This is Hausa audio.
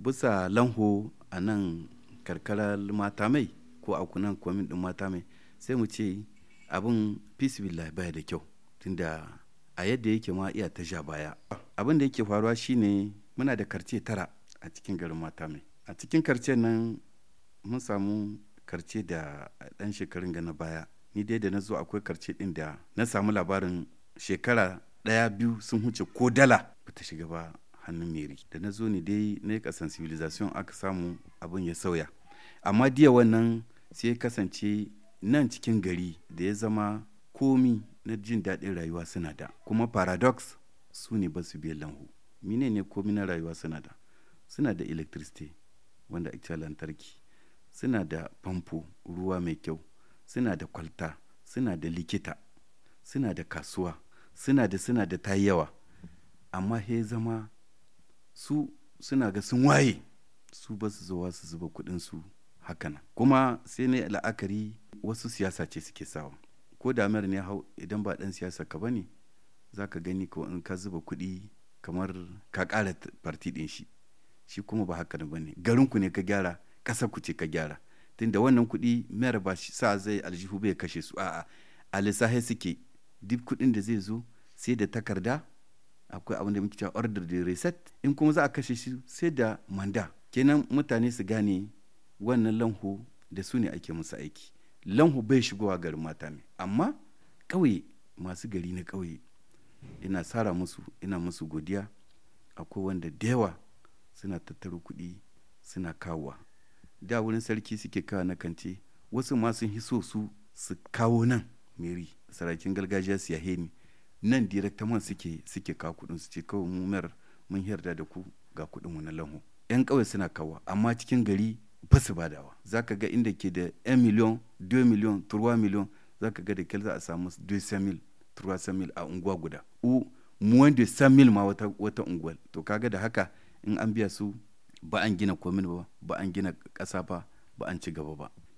bisa lanho a nan karkarar mata mai ko a kunan kwamin din mata mai sai mu ce abin bismillah baya da kyau tunda a yadda yake ma iya ta baya abin da yake faruwa shine muna da karce tara a cikin garin mata mai a cikin karce nan mun samu karce da dan shekarun ga baya ni dai da na zo akwai karce din da na samu labarin shekara ɗaya biyu sun huce ko dala ba ta shiga ba hannun meri da na zo ne dai na yi kasan civilization aka samu abin ya sauya amma diya wannan sai ya kasance nan cikin gari da ya zama komi na jin daɗin rayuwa suna da kuma paradox su ne ba su biyan lanhu mine ne komi na rayuwa suna da suna da electricity wanda ake lantarki suna da famfo ruwa mai kyau suna da kwalta suna da likita suna da kasuwa suna da suna da ta yawa amma he zama su suna ga sun waye su ba su zuwa su zuba su hakanan kuma sai ne la'akari wasu siyasa ce suke sawa ko da damar ne hau idan ba ɗan siyasa ka bane za ka gani ko in ka zuba kuɗi kamar ka ƙara farti ɗin shi shi kuma ba haka ba ne ku ne ka gyara ƙasa ku ce ka gyara tunda wannan kuɗi mayar ba sa zai aljihu bai kashe su a'a a suke duk kuɗin da zai zo sai da takarda akwai abin da muke cewa order the reset in kuma za a kashe shi sai da manda kenan mutane su gane wannan lanhu da su ne ake musu aiki lanhu bai shigowa garin mata ne amma ƙauye masu gari na ƙauye ina sara musu ina musu godiya akwai wanda da yawa suna tattaro kuɗi suna kawowa da wurin sarki suke kawo na kance wasu masu hiso su su kawo nan meri sarakin gargajiya su yahe ni nan direktaman suke suke ka kudin su ce kawai mu mer mun yarda da ku ga kudin mu na lanho yan kawai suna kawa amma cikin gari ba su badawa zaka ga inda ke da 1 million 2 million 3 million zaka ga da kel za a samu 200 mil 300 mil a unguwa guda u mu wanda 100 mil ma wata wata unguwa to kaga da haka in an biya su ba an gina komin ba ba an gina kasa ba ba an ci gaba ba